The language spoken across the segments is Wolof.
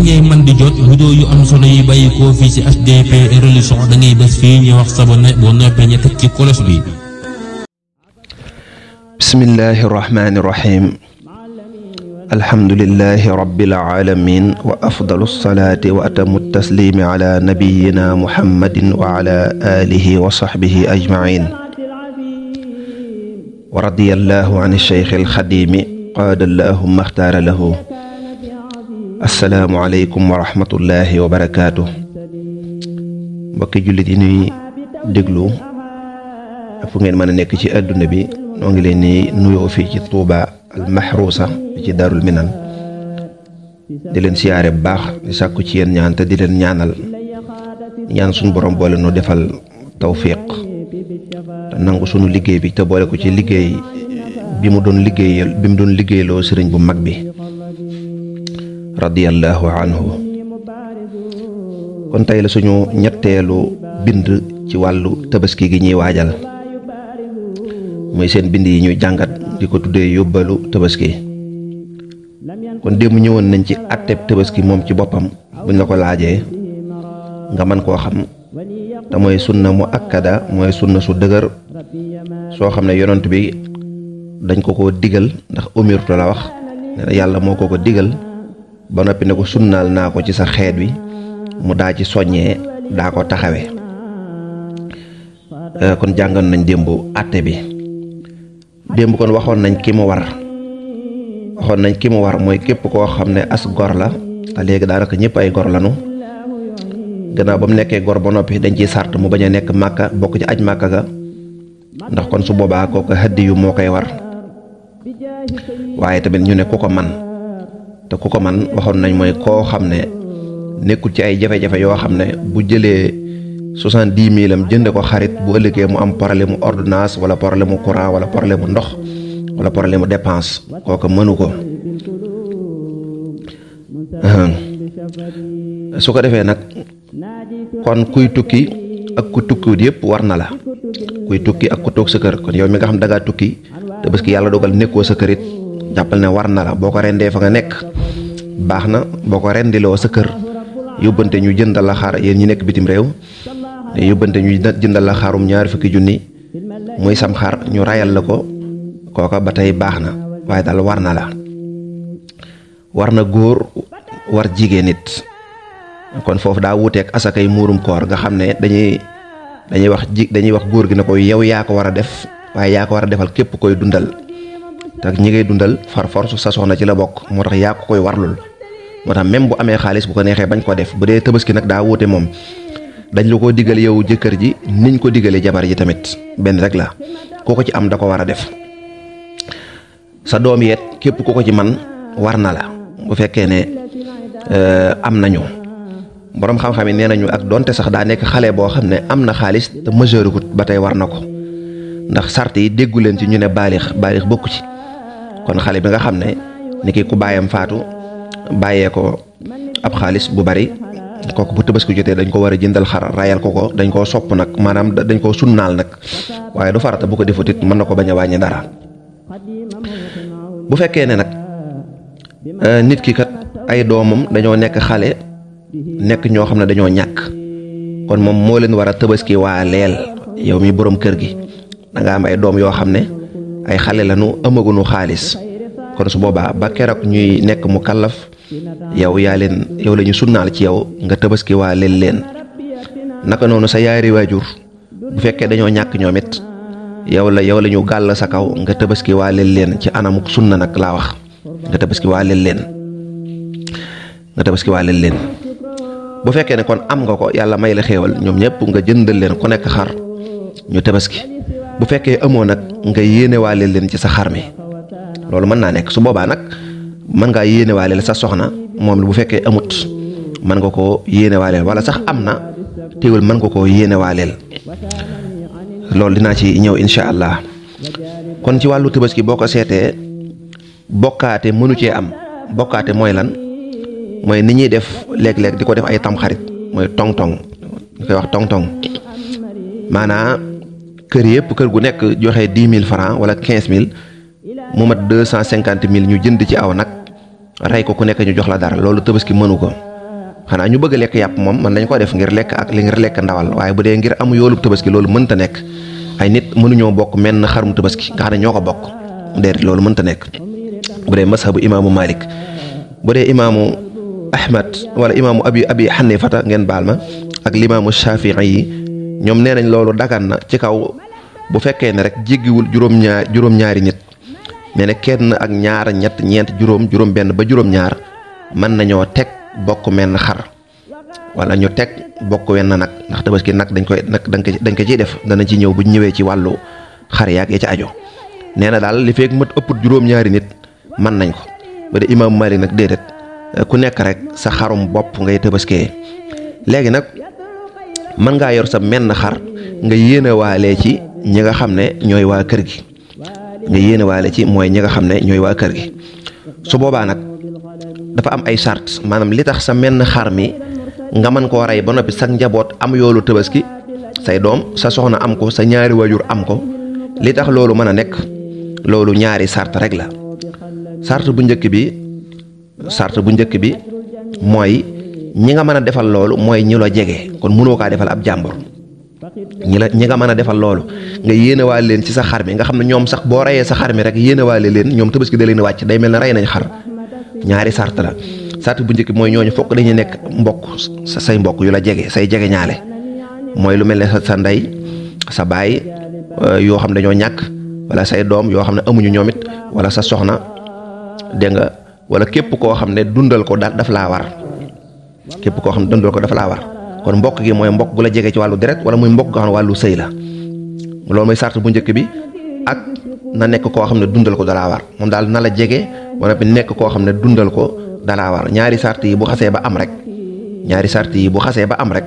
بسم الله الرحمن الرحيم الحمد لله رب العالمين وأفضل الصلاة وأتم التسليم على نبينا محمد وعلى آله وصحبه أجمعين ورضي الله عن الشيخ الخديم قاد اللهم اختار له asalaamualeykum wa rahmatullahi wa barakaatu mbokki jullit yi nuy déglu fu ngeen mën a nekk ci àdduna bi noo ngi leen nii nuyoo fii ci Touba al Mahrousa ci Darul Minan di leen siyaare bu baax di sàkku ci yéen ñaan te di leen ñaanal ñaan suñu borom boole nu defal tawfiq te nangu sunu liggéey bi te boole ko ci liggéey bi mu doon liggéeyal bi mu doon liggéeyloo sëriñ bu mag bi radiyallahu anhu kon tey la suñu ñetteelu bind ci wàllu tabaski gi ñuy waajal mooy seen bind yi ñuy jàngat di ko tuddee yóbbalu tabaski kon démb ñëwoon nañ ci àtteeb tabaski moom ci boppam buñ la ko laajee nga mën koo xam te mooy sunna mu akkada mooy sunna su dëgër soo xam ne yonent bi dañ ko ko digal ndax umirtu la wax yàlla moo ko ko digal ba noppi ne ko sunnaal naa ko ci sa xeet wi mu daa ci soññee daa ko taxawe euh, kon jàngoon nañ démb àtte bi démb kon waxoon nañ ki mu war waxoon nañ ki mu war mooy képp koo xam ne as gor la te léegi daanaka ñëpp ay gor lanu gannaaw ba mu nekkee gor ba noppi dañ ciy sart mu bañ a nekk màkka bokk ci aj màkka ga ndax kon su boobaa kooku hëddi yu moo koy war waaye tamit ñu ne ku ko man te ku ko man waxoon nañ mooy koo xam ne nekkul ci ay jafe-jafe yoo xam ne bu jëlee soixante-dix mille am jënd ko xarit bu ëllëgee mu am problème mu ordonnance wala problème mu courant wala problème mu ndox wala problème mu dépense kooku mënu ko su ko defee nag kon kuy tukki ak ku tukkiwut yëpp war na la kuy tukki ak ku toog sa kër kon yow mi nga xam dangaa tukki te bés ki yàlla dogal nekkoo sa kërit jàppal ne war na la boo ko rendee fa nga nekk baax na boo ko rendiloo sa kër yóbbante ñu jëndal la xaar yéen ñu nekk bitim réew yóbbante ñu jëndal la xaarum ñaari fukki junni muy sam xar ñu rayal la ko kooka ba tey baax na waaye daal war na la war na góor war jigéen nit kon foofu daa wuteek asakay muurum koor nga xam ne dañuy dañuy wax ji dañuy wax góor gi ne ko yow yaa ko war a def waaye yaa ko war a defal képp koy dundal te ak ñi ngay dundal far force sa soxna ci la bokk moo tax yaa ko koy warlul moo tax même bu amee xaalis bu ko neexee bañ ko def bu dee tabaski nag daa wuute moom dañ la ko digal yowu jëkkër ji niñ ko digalee jabar ji tamit benn rek la ko ko ci am da ko war a def sa doom yeet képp ko ko ci man war na la bu fekkee ne eh, am nañu boroom xam-xam yi nee nañu ak donte sax daa nekk xale boo xam ne am na xaalis te majeur ba tey war na ko ndax sart yi déggu leen ci ñu ne baalix baalix bokku ci kon xale bi nga xamne niki ku bayam fatu, baye ko ab xaalis bu bari kooku bu tabaski jote dañ ko wara jëndal xara rayal ko ko dañ ko sopp nak manam dañ ko sunnal nak waye du farata bu ko dara bu fekke ne nag euh, nit ki kat ay domam dañoo nek xale nek ño xamne ne ñak kon mom mo leen wara yomi tabaski kergi, leel yow mi borom kër gi da nga am ay dom yo xamne ay xale lañu amagunu xaalis kon su boobaa ba keroog ñuy nekk mu kallaf yow yaa leen yow lañu ñu sunnaal ci yow nga tabaski waa leen leen naka noonu sa yaari waajur bu fekkee dañoo ñàkk ñoom it yow la yow lañu ñu gàll sa kaw nga tabaski waa leen leen ci anamu sunna nag laa wax nga tabaski waa leen leen nga tabaski waa leen leen bu fekkee ne kon am nga ko yàlla may la xéewal ñoom ñëpp nga jëndal leen ku nekk xar ñu tabaski bu fekkee amoo nag nga yéenewaale leen ci sa xar mi loolu mën naa nekk su boobaa nag mën ngaa yéenewaaleel sa soxna moom bu fekkee amut mën nga koo yéenewaaleel wala sax am na teewul mën nga koo yéenewaaleel loolu dinaa ci ñëw incha allah kon ci wàllu ki boo ko seetee bokkaate mënu cee am bokkaate mooy lan mooy ni ñuy def léeg-léeg di ko def ay tamxarit mooy tong-tong ñu koy wax tong-tong maanaa kër yëpp kër gu nekk joxe 10000 walat francs wala 15000 mu mat 250000 ñu jënd ci aw nak ray ko ku nekk ñu jox la dara loolu tebeski mënu ko xana ñu bëgg lek yap mom man dañ ko def ngir lek ak li ngir lek ndawal waye bu dé ngir am yoolub tabaski loolu mënta nekk ay nit ñoo bokk men xarum tebeski nga xam bokk déedéet loolu mënta nekk bu dé mashabu imam Malik bu Imamu imam Ahmad wala Imamu abi abi Hanifata ngeen balma ak limam Shafii ñom nenañ lolu loolu dagan na ci kaw bu fekke ne rek wul juróom-ñaar juróom-ñaari nit nee na kenn ak ñaar ñet ñent juróom juróom ben ba juróom-ñaar man nañu tek bokku men xar wala ñu tek bokku wenn nak ndax tabaski nak dañ koy nak dañ ko dañ ko ci def dana ci ñew bu ñewé ci walu xar yaak ya ci ajo nee na daal li feeg mat ëpput juróom-ñaari nit man nañ ko ba de imam malik nak dedet ku nek rek sa xarum bop ngay tabaskee legi nak mën ngaa yor sa menn xar nga yéene waale ci ñi nga xam ne ñooy waa kër gi nga yéene waale ci mooy ñi nga xam ne ñooy waa kër gi su boobaa nag dafa am ay sart maanaam li tax sa menn xar mi nga mën koo rey ba noppi sa njaboot am yoolu tabaski say doom sa soxna am ko sa ñaari wajur am ko li tax loolu mën a nekk loolu ñaari sart rek la sart bu njëkk bi sart bu njëkk bi mooy ñi nga mën a defal loolu mooy ñu la jege kon mënoo kaa defal ab jàmbur ñi la ñi nga mën a defal loolu nga yéenewaale leen ci sa xar mi nga xam ne ñoom sax boo reyee sa xar mi rek yéenewaale leen ñoom tabaski da leen wàcc day mel ne rey nañ xar ñaari sart la sart bu njëkk mooy ñooñu fokk dañuy nekk mbokk sa say mbokk yu la jege say jege ñaale mooy lu mel ne sa sa ndey sa baay euh, yoo xam dañoo ñàkk wala say doom yoo xam ne amuñu ñoomit it wala sa soxna dégg nga wala képp koo xam ne dundal ko daal daf laa war. képp koo xam ne dundal ko dafa laa war kon mbokk gi mooy mbokk gu la jege ci wàllu deret wala muy mbokk goo xam ne wàllu sëy la loolu mooy sart bu njëkk bi ak na nekk koo xam ne dundal ko dalaa war moom daal na la jege wala bi nekk koo xam ne dundal ko dalaa war ñaari sart yi bu xasee ba am rek ñaari sart yi bu xasee ba am rek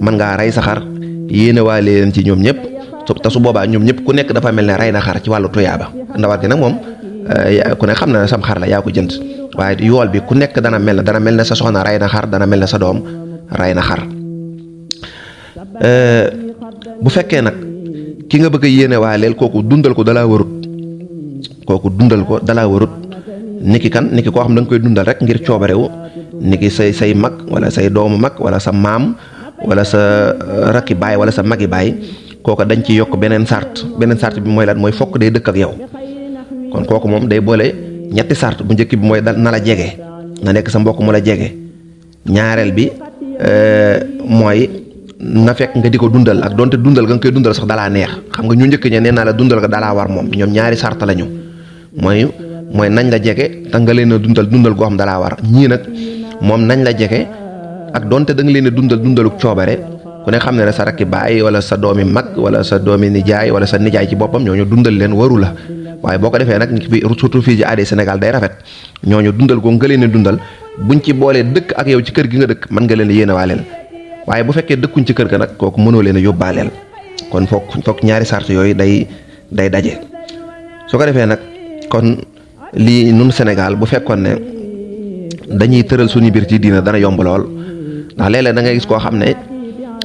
mën ngaa rey sa xar yéene waale leen ci ñoom ñëpp te su boobaa ñoom ñëpp ku nekk dafa mel ne rey na xar ci wàllu tuyaaba ndawaat gi nag moom eh, ku ne xam na ne sam xar la yaa ko jënd waaye yool bi ku nekk dana mel ne dana mel ne sa soxna rey na xar dana mel ne sa doom rey na xar euh, bu fekkee nag ki nga bëgg a yéene waaleel kooku dundal ko dalaa warut kooku dundal ko dalaa warut niki kan niki koo xam da nga koy dundal rek ngir coobarewu niki say say mag wala say doomu mag wala sa maam wala sa euh, rakki baay wala sa magi baay kooku dañ ci yokk beneen sart beneen sart bi mooy lan mooy fokk day dëkk ak yow kon kooku moom day boole. ñetti sart bu ñëkki bi mooy na la jege na nek sa mbokk mu la jege ñaareel bi euh, moy na fekk nga di dundal ak donte dundal nga koy dundal sax la neex xam nga ñu njëkk ñe nee la dundal da la war mom ñom ñaari sart lañu moy moy nañ la ta nga leena dundal dundal go xam la war ñi nak mom nañ la ak donte da nga leena dundal dundaluk coobare ku ne xam ne sa rakki baay wala sa doomi mag wala sa doomi nijaay wala sa nijaay ci dundal leen waru la waaye boo ko defee nag surtout fii ci aada Sénégal day rafet ñooñu dundal koo nga leen dundal buñ ci boolee dëkk ak yow ci kër gi nga dëkk mën nga leen yéene waaleel waaye bu fekkee dëkkuñ ci kër ga nag kooku mënoo leen a yóbbaaleel kon foog foog ñaari sart yooyu day day daje su ko defee nag kon lii nun Sénégal bu fekkoon ne dañuy tëral suñu biir ci diina dana yomb lool ndax léeg-léeg ngay gis koo xam ne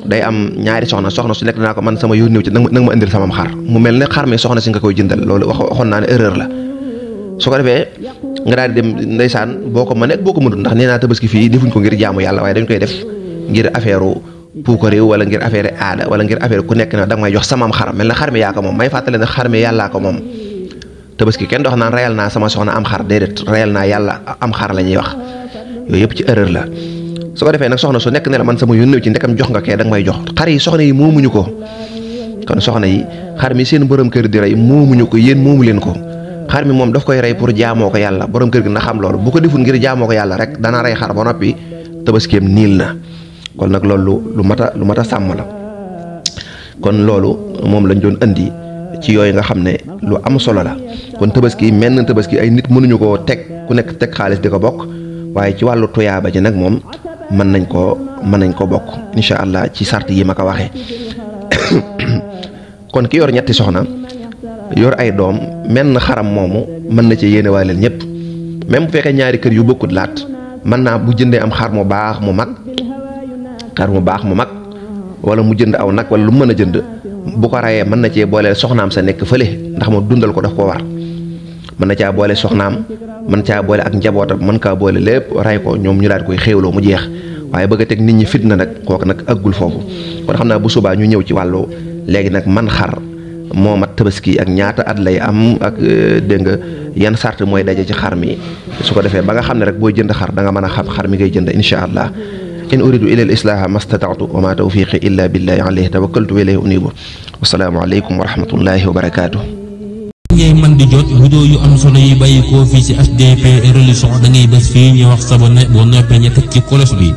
day am ñaari soxna soxna su nekk danaa ko man sama yónniw ci nag ma indil samam xar mu mel ne xar mi soxna si nga koy jëndal loolu wax waxoon naa ne la ko defee nga daal dem ndeysaan boo ko mënee boo ko mënul ndax nee naa tabaski fii defuñ ko ngir jaamu yàlla waaye dañ koy def ngir affaire puukare wala ngir affaire aada wala ngir affaire ku nekk ne danga may jox samam xar mel ne xar mi yaa ko moom may fàttale ne xar mi yàllaa ko moom tabaski kenn dox naan rayal naa sama soxna am xar déedéet rayal naa yàlla am xar la ñuy wax yooyu yëpp ci erreur la su ko defee nag soxna su nekk ne man sama yónneew ci ndekam jox nga kee danga may jox xar yi soxna yi moomuñu ko kon soxna yi xar mi seen borom kër di rey moomuñu ko yéen moomu leen ko xar mi moom daf koy rey pour jaamoo ko yàlla borom kër gi na xam loolu bu ko deful ngir jaamoo ko yàlla rek dana rey xar ba noppi tabaskeem niil na kon nag loolu lu mat a lu mat a sàmm la kon loolu moom lañ doon indi ci yooyu nga xam ne lu am solo la kon tabaski menn tabaski ay nit mënuñu koo teg ku nekk teg xaalis di ko bokk waaye ci wàllu tuyaaba ji nag moom mën nañ koo mën nañ ko bokk incha allah ci sart yii ma ko waxee kon ki yor ñetti soxna yor ay doom men menn xaram moomu mën na ci yéene waaleel ñëpp même bu fekkee ñaari kër yu bokkut laat mën naa bu jëndee am xar mu baax mu mag xar mu baax mu mag wala mu jënd aw nag wala lu mën a jënd bu ko rayee mën na cee booleel soxnaam sa nekk fële ndax moom dundal ko daf ko war. mën na caa boole soxnaam mën caa boole ak njabootam mën kaa boole lépp ray ko ñoom ñu daal koy xéewloo mu jeex waaye bëgg a teg nit ñi fitna nag kook nag aggul foofu kon xam naa bu subaa ñu ñëw ci wàllu léegi nag man xar moo mat tabaski ak ñaata at lay am ak euh, dégg nga yan sart mooy daje ci xar mi su ko defee ba nga xam ne rek booy jënd xar da nga mën a xam xar mi ngay jënd incha allah in uridu ila al islaha mastata'tu wa ma tawfiqi illa billahi alayhi tawakkaltu wa ilayhi unibu wasalaamu aleykum wa rahmatullahi wa barakatuh ngay man di jot vidéo yu am solo yi bàyyi koo fii ci HDP religion da ngay bés fii ñu wax sabonné boo noppee ñu teg ci kolos bi